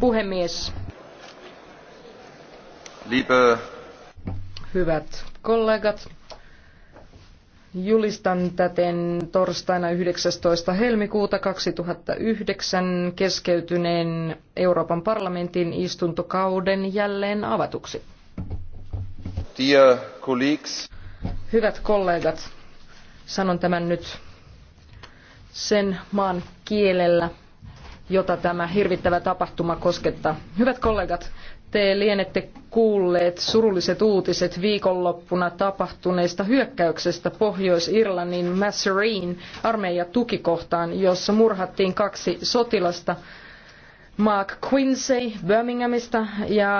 Puhemies. Liebe. Hyvät kollegat, julistan täten torstaina 19. helmikuuta 2009 keskeytyneen Euroopan parlamentin istuntokauden jälleen avatuksi. Dear colleagues. Hyvät kollegat, sanon tämän nyt sen maan kielellä, jota tämä hirvittävä tapahtuma koskettaa. Hyvät kollegat, te lienette kuulleet surulliset uutiset viikonloppuna tapahtuneesta hyökkäyksestä Pohjois-Irlannin Massereen armeijatukikohtaan, jossa murhattiin kaksi sotilasta, Mark Quincy Birminghamista ja